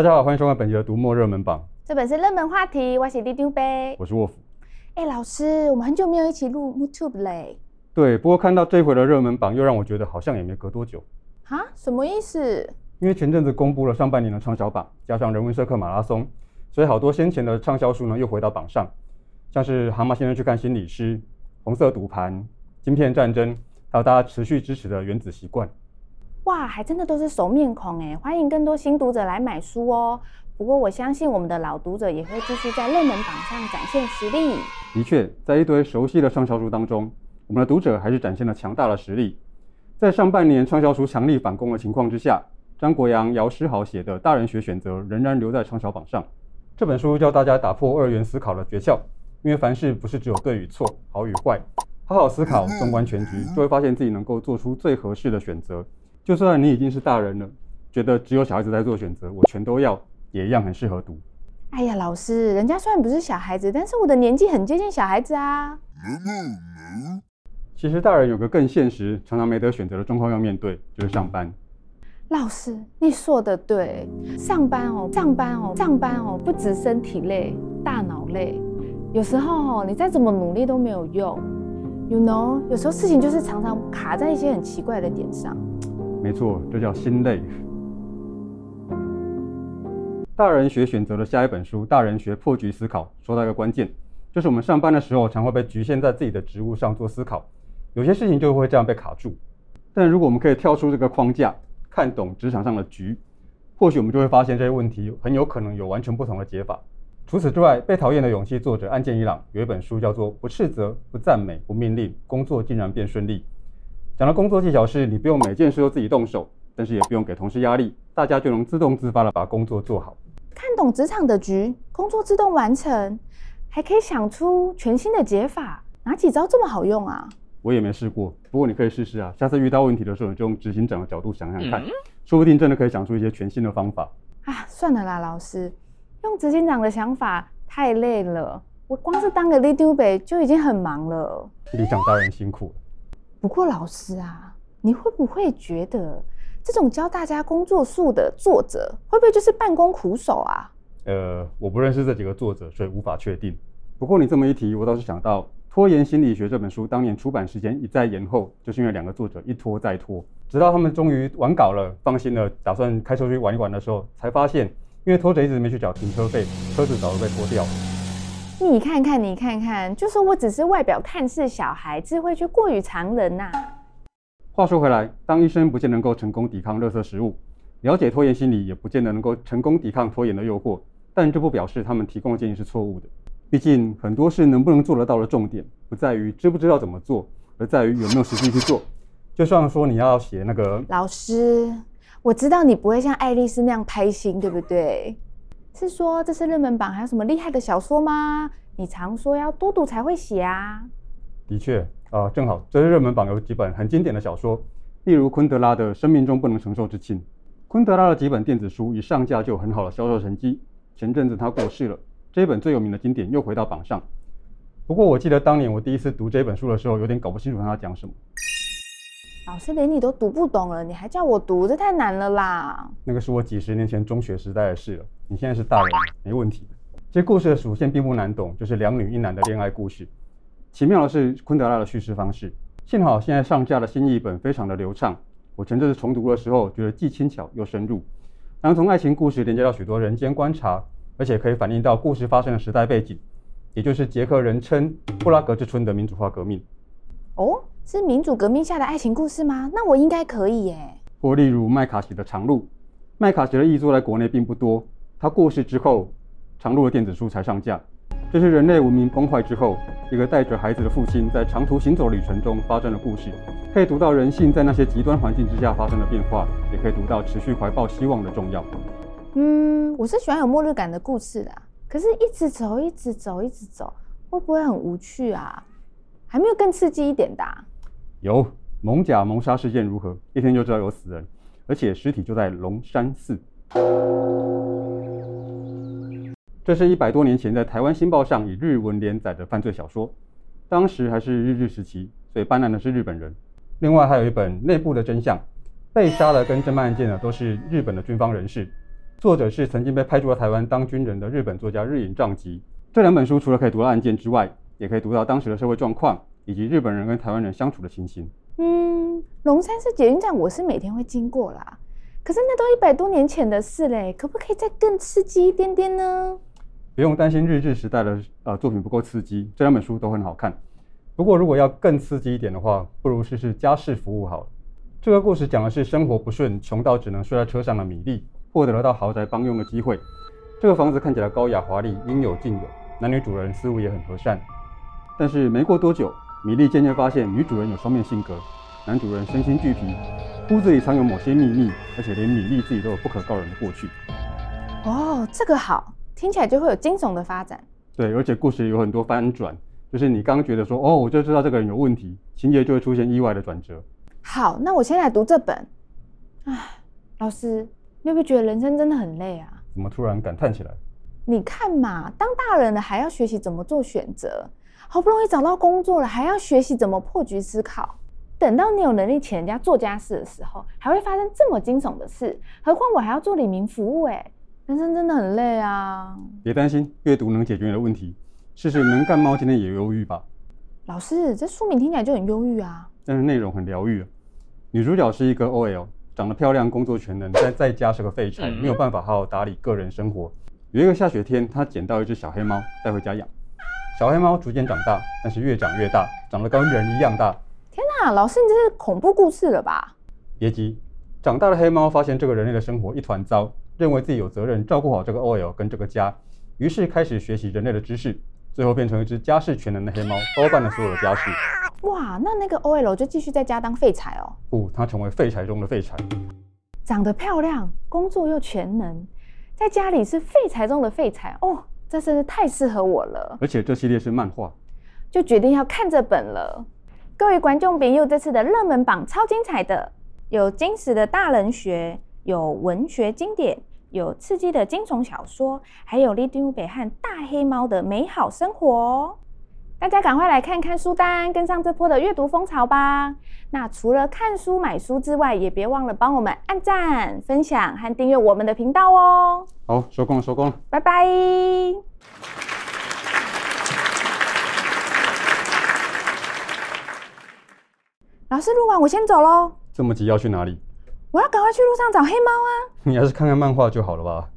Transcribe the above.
大家好，歡迎收看本期的讀墨熱門榜。這本是熱門話題，我是丟丟唄。我是臥斧。哎，老師，我們很久沒有一起錄 YouTube 嘞。對，不過看到這回的熱門榜，又讓我覺得好像也沒隔多久。哈，什麼意思？因為前陣子公布了上半年的暢銷榜，加上人文社科馬拉松，所以好多先前的暢銷書呢又回到榜上，像是《蛤蟆先生去看心理師》、《紅色賭盤》、《晶片戰爭》，還有大家持續支持的《原子習慣》。哇，還真的都是熟面孔哎！歡迎更多新讀者來買書哦。不過我相信我們的老讀者也會繼續在熱門榜上展現實力。的確，在一堆熟悉的暢銷書當中，我們的讀者還是展現了強大的實力。在上半年暢銷書強力反攻的情況之下，張國陽、姚詩豪寫的《大人學選擇》仍然留在暢銷榜上。這本書教大家打破二元思考的訣竅，因為凡事不是只有對與錯、好與壞，好好思考、縱觀全局，就會發現自己能夠做出最合適的選擇。就算你已經是大人了，覺得只有小孩子在做選擇，我全都要，也一樣很適合讀。哎呀，老師，人家雖然不是小孩子，但是我的年紀很接近小孩子啊。其實大人有個更現實、常常沒得選擇的狀況要面對，就是上班。老師，你說的對，上班哦，上班哦，上班哦，不止身體累，大腦累，有時候哦，你再怎麼努力都沒有用。You know，有時候事情就是常常卡在一些很奇怪的點上。沒錯，這叫心累。大人學選擇了下一本書《大人學破局思考》，說到一個關鍵，就是我們上班的時候常會被局限在自己的職務上做思考，有些事情就會這樣被卡住。但如果我們可以跳出這個框架，看懂職場上的局，或許我們就會發現這些問題很有可能有完全不同的解法。除此之外，《被討厭的勇氣》作者岸見一郎有一本書叫做《不斥責、不讚美、不命令，工作竟然變順利》。講到工作技巧是，你不用每件事都自己動手，但是也不用給同事壓力，大家就能自動自發的把工作做好。看懂職場的局，工作自動完成，還可以想出全新的解法，哪幾招這麼好用啊？我也沒試過，不過你可以試試啊。下次遇到問題的時候，你就用執行長的角度想想看，嗯，說不定真的可以想出一些全新的方法。啊，算了啦，老師，用執行長的想法太累了，我光是當個 leader 就已經很忙了。里長大人辛苦了。不過老師啊，你會不會覺得這種教大家工作術的作者會不會就是辦公苦手啊？呃，我不認識這幾個作者，所以無法確定。不過你這麼一提，我倒是想到《拖延心理學》這本書當年出版時間一再延後，就是因為兩個作者一拖再拖，直到他們終於完稿了，放心了，打算開車去玩一玩的時候，才發現因為拖着一直沒去繳停車費，車子早就被拖掉了。你看看，你看看，就說我只是外表看似小孩，智慧卻過於常人吶、啊。話說回來，當醫生不見能夠成功抵抗垃圾食物，了解拖延心理也不見得能夠成功抵抗拖延的誘惑，但這不表示他們提供的建議是錯誤的。畢竟，很多事能不能做得到的重點，不在於知不知道怎麼做，而在於有沒有實際去做。就算說你要寫那個，老師，我知道你不會像愛麗絲那樣開心，對不對？是說這是熱門榜，還有什麼厲害的小說嗎？你常說要多讀才會寫啊。的確啊，呃，正好這些熱門榜有幾本很經典的小說，例如昆德拉的《生命中不能承受之輕》。昆德拉的幾本電子書一上架就有很好的銷售成績。前陣子他過世了，這一本最有名的經典又回到榜上。不過我記得當年我第一次讀這本書的時候，有點搞不清楚他講什麼。老師連你都讀不懂了，你還叫我讀，這太難了啦。那個是我幾十年前中學時代的事了。你現在是大人，沒問題。其實故事的主線並不難懂，就是兩女一男的戀愛故事。奇妙的是，昆德拉的敘事方式，幸好現在上架的新譯本非常的流暢。我前陣子重讀的時候，覺得既輕巧又深入，然後從愛情故事連接到許多人間觀察，而且可以反映到故事發生的時代背景，也就是捷克人稱布拉格之春的民主化革命。哦，是民主革命下的愛情故事嗎？那我應該可以耶。或例如麥卡錫的《長路》，麥卡錫的譯作在國內並不多。他過世之後，《長路》的電子書才上架。這是人類文明崩壞之後，一個帶着孩子的父親在長途行走旅程中發生的故事。可以讀到人性在那些極端環境之下發生的變化，也可以讀到持續懷抱希望的重要。嗯，我是喜歡有末日感的故事的。可是，一直走，一直走，一直走，會不會很無趣啊？還沒有更刺激一點的，啊？有艋舺謀殺事件如何？一天就知道有死人，而且屍體就在龍山寺。 這是一百多年前在台灣《新報》上以日文連載的犯罪小說，當時還是日治時期，所以辦案的是日本人。另外還有一本《內部的真相》，被殺的跟偵辦案件的都是日本的軍方人士。作者是曾經被派駐到台灣當軍人的日本作家日影丈吉。這兩本書除了可以讀到案件之外，也可以讀到當時的社會狀況以及日本人跟台灣人相處的情形。嗯，龍山寺捷運站我是每天會經過啦，可是那都一百多年前的事嘞，可不可以再更刺激一點點呢？不用擔心日治時代的呃作品不夠刺激，這兩本書都很好看。不過如果要更刺激一點的話，不如試試《家弒服務》好了。這個故事講的是生活不順、窮到只能睡在車上的米粒，獲得了到豪宅幫傭的機會。這個房子看起來高雅華麗，應有盡有，男女主人似乎也很和善。但是沒過多久，米粒漸漸發現女主人有雙面性格，男主人身心俱疲，屋子裡藏有某些秘密，而且連米粒自己都有不可告人的過去。哦，這個好。聽起來就會有驚悚的發展，對，而且故事有很多翻轉，就是你剛剛覺得說，哦，我就知道這個人有問題，情節就會出現意外的轉折。好，那我先來讀這本。哎，老師，你有沒有覺得人生真的很累啊？怎麼突然感嘆起來？你看嘛，當大人了還要學習怎麼做選擇，好不容易找到工作了還要學習怎麼破局思考，等到你有能力請人家做家事的時候，還會發生這麼驚悚的事。何況我還要做里民服務、欸，哎。人生真的很累啊！別擔心，閱讀能解決你的問題。試試《能幹貓今天也憂鬱》吧。老師，這書名聽起來就很憂鬱啊。但是內容很療癒啊。女主角是一個 OL，長得漂亮，工作全能，但在家是個廢柴，沒有辦法好好打理個人生活。嗯。有一個下雪天，她撿到一隻小黑貓，帶回家養。小黑貓逐漸長大，但是越長越大，長得跟人一樣大。天哪，老師，你這是恐怖故事了吧？別急，長大的黑貓發現這個人類的生活一團糟。認為自己有責任照顧好這個 OL 跟這個家，於是開始學習人類的知識，最後變成一隻家事全能的黑貓，包辦了所有的家事。哇，那那個 OL 就繼續在家當廢柴哦？不、哦，它成為廢柴中的廢柴，長得漂亮，工作又全能，在家裡是廢柴中的廢柴哦，這真的太適合我了。而且這系列是漫畫，就決定要看這本了。各位觀眾朋友，這次的熱門榜超精彩的，有金石的大人學，有文學經典。有刺激的驚悚小說，還有《Little Bear》和《大黑貓的美好生活》，大家趕快來看看書單，跟上這波的閱讀風潮吧！那除了看書買書之外，也別忘了幫我們按讚、分享和訂閱我們的頻道哦、喔！好，收工了，收工了，拜拜！老師錄完，我先走嘍。這麼急要去哪裡？我要趕快去路上找黑貓啊！你還是看看漫畫就好了吧。